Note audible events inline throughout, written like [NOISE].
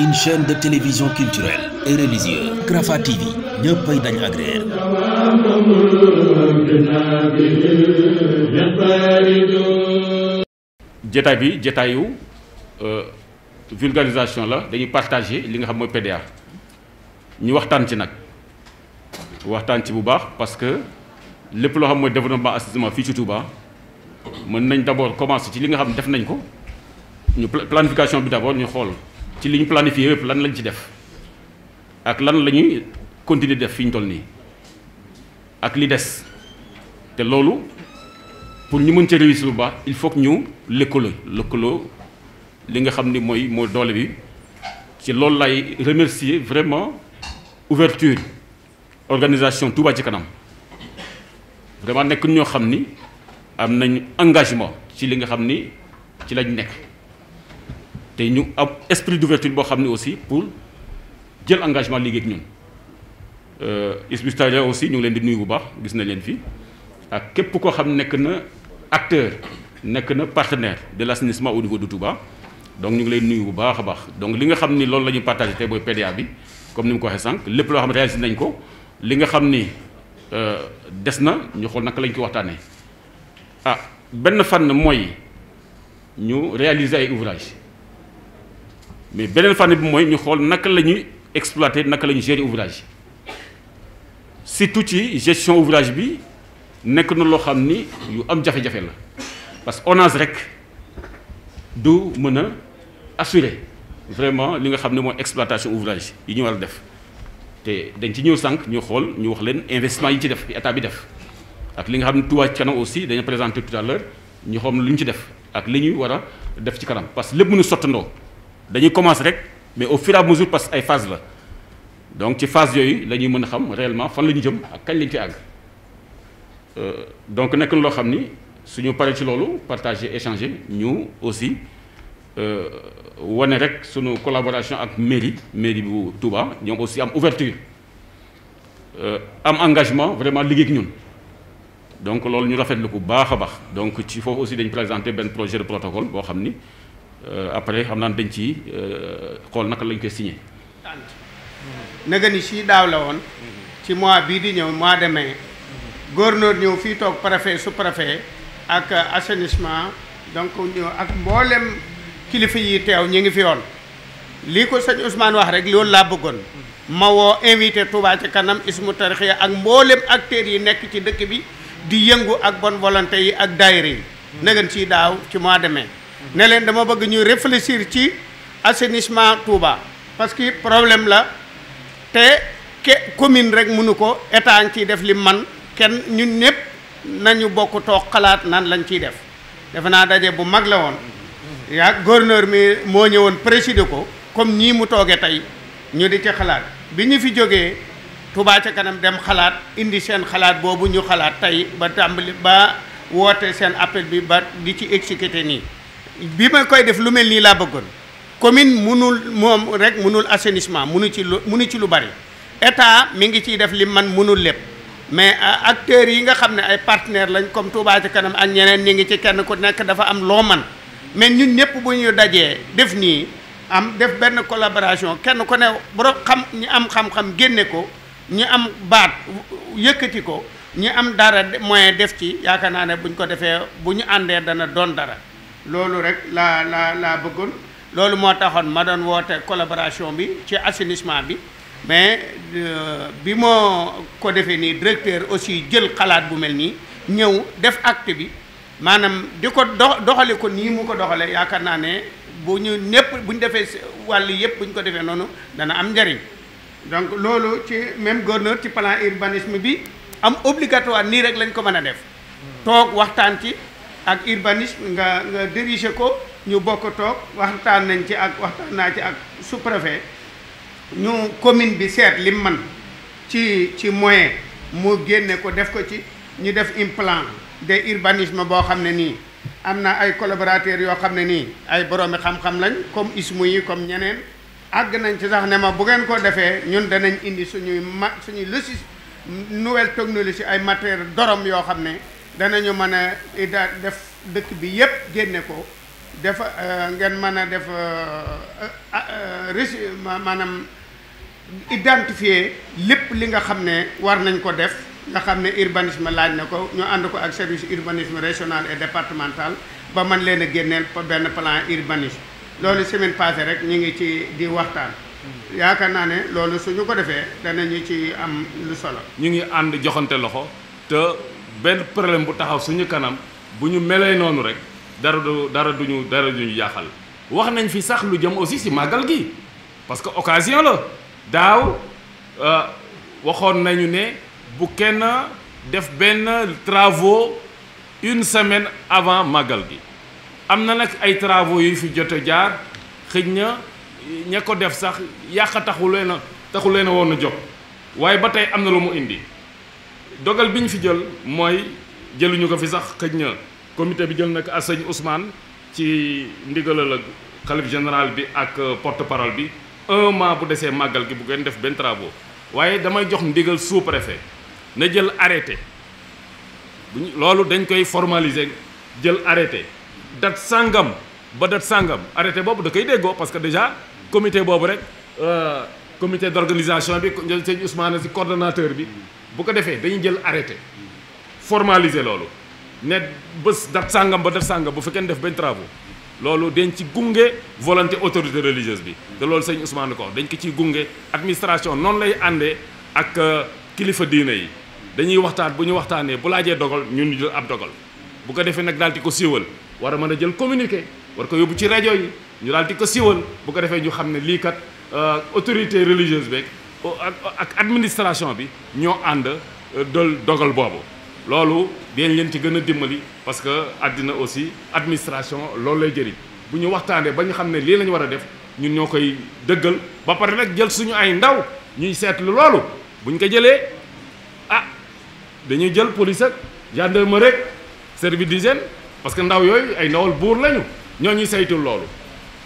une chaîne de télévision culturelle et religieuse Rafah TV ñëppay dañ agréer jotaay bi jotaayu euh, vulgarisation la dañuy partager li nga xam mooy PDA ñu waxtaan ci nag waxtaan ci bu baax parce que lépp loo xam mooy développement assainissement fii ci Touba mën nañ d'abord commencer ci li nga xam def nañ ko ñu planification bi d'abord ñu xool ci li ñu planifié yëpp lan lañ ci def ak lan la ñuy continuer def fi ñu toll nii ak li des te loolu pour ñu mën ci réussir bu baax il faut que ñu lëkkaloo lëkkaloo li nga xam ni mooy moo doole bi ci loolu lay remercier vraiment ouverture organisation Touba ci kanam vraiment nekk ñoo xam ni am nañu engagement ci li nga xam ni ci lañ nekk te ñu am esprit d'ouverture boo xam ne aussi pour jël engagement liggéey ak ñun euh, Hizbut aussi ñu ngi leen di nuyu bu baax gis na leen fii ak képp koo xam nekk na acteur nekk na partenaire de la l'assainissement au niveau du Touba donc ñu ngi lay nuyu bu baax a baax donc li nga xam ni loolu la ñuy partagé tey booy PDA bi comme ni mu ko waxee sànq lépp loo xam ne nañ ko li nga xam ni euh, des na ñu xool naka lañ ko waxtaanee ah benn fan mooy ñu réaliser ay ouvrage mais beneen fànn bi mooy ñu xool naka la ñuy exploiter naka lañuy ñuy gérer ouvrage surtout ci gestion ouvrage bi nekk na loo xam ni yu am jafe-jafe la parce que ONAS rek du mën a assurer vraiment li nga xam ne mooy exploitation ouvrage yi ñu war a def te dañ ci ñëw sànq ñu xool ñu wax leen investissement yi ci def état bi def ak li nga xam ne Touba ci kanam aussi dañu présenté tout à ñu xool lu ñu ci def ak li ñuy war a def ci kanam parce que lépp mënu sottandoo dañuy commencer rek mais au fur et à mesure parce ay phase la donc ci phase yooyu la ñuy mën a xam réellement fan la ñu jëm ak kañ lañu ci àgg euh, donc nekk na loo xam ni suñu paree ci loolu partager échanger ñu aussi euh, wane rek suñu collaboration ak mairie mairie bu Touba ñoom aussi am ouverture euh, am engagement vraiment liggéey ak ñun donc loolu ñu rafetlu ko baax a baax donc ci foofu aussi dañu présenter benn projet de protocole boo xam ni Euh, après xam naan dañ ci euh, xool naka lañ koy signé. naga ni si daaw la woon. ci mois bii di ñëw mois de mai. gouverneur ñëw fii toog préfet sous préfet ak assainissement donc ñëw ak mboolem kilifa yi teew ñu ngi fi woon. lii ko sëñ Ousmane wax rek loolu laa bëggoon. ma woo invité Touba ci kanam ismu tarixia ak mbooleem acteurs yi nekk ci dëkk bi di yëngu ak bonne volonté yi ak daayira yi. nagan si daaw ci mois de mai. ne leen dama bëgg ñu réfléchir ci assenisement Touba parce que problème la te ke commune rek mënu ko état ngi ciy def li man kenn ñun ñëpp nañu bokk toog xalaat nan lañ ciy def defe naa daje bu mag la woon yaa gouverneur mi moo ñëwoon présider ko comme ñii mu toogee tey ñu di ci xalaat bi ñu fi jógee Touba ca kanam dem xalaat indi seen xalaat boobu ñu xalaat tey ba tàmbali ba woote seen appel bi ba di ci exécuter nii bi ma koy def lu mel nii laa bëggoon commune munul moom rek munul assainissement munu ci lu munu ci lu bari état mi ngi ciy def li man munul lépp mais euh, acteurs yi nga xam ne ay partenaires lañ comme Touba ci kanam ak ñeneen ñi ngi ci kenn ko nekk dafa am loo man mais ñun ñëpp bu ñu dajee def nii am def benn collaboration kenn ko ne borom xam ñu am xam-xam génne ko ñu am baat yëkkati ko ñu am dara moyen def ci yaakaar naa ne buñ ko defee bu ñu àndee dana doon dara loolu rek laa laa laa bëggoon loolu moo taxoon ma doon woote collaboration bi ci assainissement bi mais euh, bi moo ko defee nii directeur aussi jël xalaat bu mel nii ñëw def acte bi maanaam di ko dox doxale ko nii mu ko doxale yaakaar naa ne bu ñu ñëpp bu ñu defee wàll yëpp bu ñu ko defee noonu dana am njariñ donc loolu ci même gouverneur ci plan urbanisme bi am obligatoire nii rek lañ ko mën a def hmm. toog waxtaan ci ak urbanisme nga nga diriger ko ñu bokk toog waxtaan nañ ci ak waxtaan naa ci ak sous ñu commune bi seet lim man ci ci moyen mu génne ko def ko ci ñu def un plan de urbanisme boo xam ne nii am na ay collaborateurs yoo xam ne nii ay boroomi xam-xam lañ comme ismu yi comme ñeneen àgg nañ ci sax ne ma bu ngeen ko defee ñun danañ indi suñuy ma suñuy logiciel nouvelle technologie ay matériel dorom yoo xam ne danañu mën a ida def dëkk bi yépp génne ko def euh, ngeen mën a def euh, euh, résu maanaam identifier lépp li nga xam ne war nañ ko def nga xam ne urbanisme laaj na ko ñu ànd ko ak service urbanisme régional et départemental ba man leen a génneel benn plan urbanisme loolu semaine passée rek ñu ngi ci di waxtaan yaakaar naa ne loolu suñu ko defee ñu ci am lu solo ñu ngi ànd joxante loxo te benn problème bu taxaw suñu kanam bu ñu melee noonu rek dara du dara duñu dara duñu jaaxal wax nañ fi sax lu jëm aussi si màggal gi parce que occasion la daaw euh, waxoon nañu ne bu kenn def benn travaux une semaine avant màggal gi am na nag ay travaux yu fi jot a jaar xëj na ña ko def sax yàq taxu leen taxu leen a woon a jóg waaye ba tey am na lu mu indi dogal bi ñu fi jël mooy jëluñu ko fi sax xëj na comité bi jël nag ko à sëñ Ousmane ci ndigalal ak xalif général bi ak euh, porte parole bi un mois bu desee màggal gi bu ngeen def benn travaux waaye damay jox ndigal sous préfet na jël arrêté loolu dañ koy formaliser jël arrêté date sàngam ba date sàngam arrêté boobu da koy déggoo parce que déjà comité boobu rek euh, comité d'organisation bi sëñ Ousmane si coordonnateur bi bu ko defee dañuy jël arrêté formaliser loolu ne bés dat sàngam ba def sàngam bu fekkee def bañ travaux loolu dañ ci gunge volonté autorité religieuse bi te loolu sëñ Ousmane ko dañ ko ciy gunge administration noonu lay àndee ak euh, kilifa diine yi dañuy waxtaan bu ñu waxtaanee bu laajee dogal ñun jël ab dogal bu ko defee nag daal di ko siiwal war a mën a jël communiqué war ko yóbbu ci rajo yi ñu daal di ko siiwal bu ko defee ñu xam ne lii kat euh, autorité religieuse beeg ak administration bi ñoo ànd euh, dol dogal boobu loolu dañ leen ci gën a dimbali parce que àddina aussi administration loolu lay jëriñ bu ñu waxtaanee ba ñu xam ne lii lañu war a def ñun ñoo koy dëggal ba pare nag jël suñu ay ndaw ñuy seetlu loolu bu ñu ko jëlee ah dañuy jël police ak gendarmerie rek service d'hygiène parce que ndaw yooyu ay ndawal buur lañu ñoo ñuy saytul loolu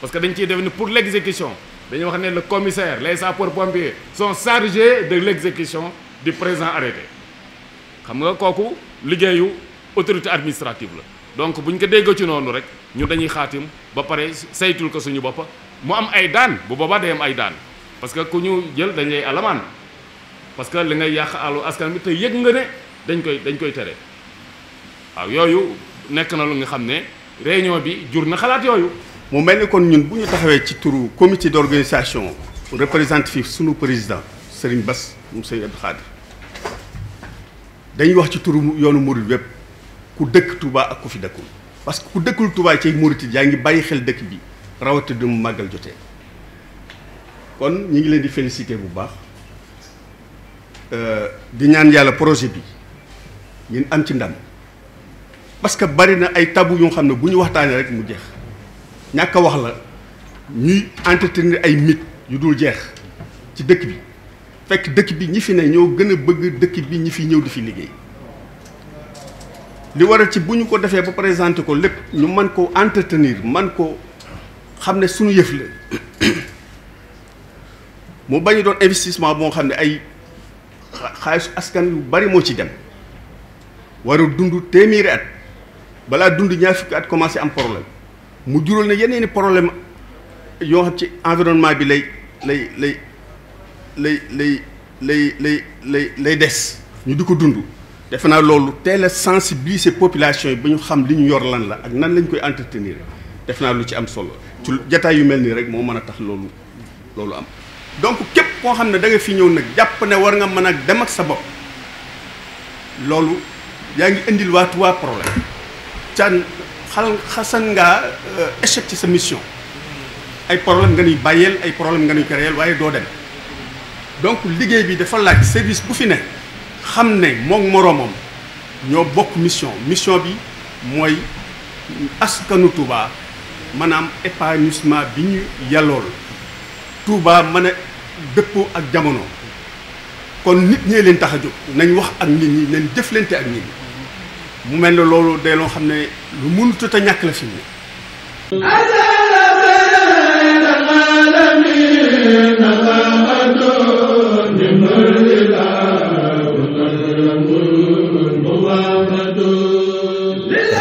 parce que dañ ciy defe ni pour l'exécution dañu wax ne le commissaire les sapeurs-pompiers sont chargés de l'exécution du présent arrêté xam nga kooku liggéeyu autorité administrative la donc bu ñu ko déggoo ci noonu rek ñu dañuy xaatim ba pare saytul ko suñu bopp mu am ay daan bu boobaa day am ay daan parce que ku ñu jël dañ lay alamaan parce que li ngay yàq àllu askan bi te yëg nga ne dañ koy dañ koy tere waaw yooyu nekk na lu nga xam ne réunion bi jur na xalaat yooyu mu mel ni kon ñun bu ñu taxawee ci turu comité d' organisation représentatif sunu président Serigne Bass mu Serigne Abdou dañuy wax ci turu yoonu murid wépp ku dëkk Touba ak ku fi dëkkul parce que ku dëkkul Touba ci murid yaa ngi bàyyi xel dëkk bi rawatina du mu màggal jotee kon ñu ngi leen di félicité bu baax euh, di ñaan yàlla projet bi ngeen am ci ndam parce que bari na ay tabu yoo xam ne bu ñu waxtaanee rek mu jeex. ñàkk a wax la ñuy entretenir ay mythe yu dul jeex ci dëkk bi fekk dëkk bi ñi fi ne ñoo gën a bëgg dëkk bi ñi fi ñëw di fi liggéey li waral ci bu ñu ko defee ba présenté ko lépp ñu man ko entretenir man ko xam ne suñu yëf la [COUGHS] mu bañ doon investissement moo xam ne ay xaalisu askan yu bari moo ci dem warul dund téeméeri at balaa dund ñaar fukki at commencé am problème mu jural na yeneen i problème yoo xam ci environnement bi lay lay lay lay lay lay lay lay lay des ñu di ko dund defe naa loolu teel a sensibiliser population yi ba ñu xam li ñu yor lan la ak nan lañu koy entretenir def naa lu ci am solo ci jataay yu mel nii rek moo mën a tax loolu loolu am donc képp koo xam ne danga fi ñëw nag jàpp ne war nga mën a dem ak sa bopp loolu yaa ngi indil waa Tuubaa xal xasan ngaa euh, échec ci sa mission ay problème nga ñuy bàyyeel ay problème nga ñuy créer waaye doo dem donc liggéey bi dafa laaj service bu fi ne xam ne moom moroomam ñoo bokk mission mission bi mooy askanu Touba maanaam épanouissement bi ñu yàllool Touba mën a ak jamono kon nit ñee leen tax a jóg nañ wax ak nit ñi nañ jëflante ak nit ñi mu mel ne loolu day loo xam ne lu mënut a ñàkk la fi mu ne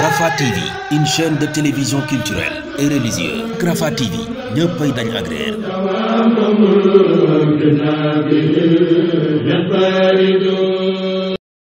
Rafah TV une chaîne de télévision culturelle et religieuse Rafah TV ñëppay dañ agréer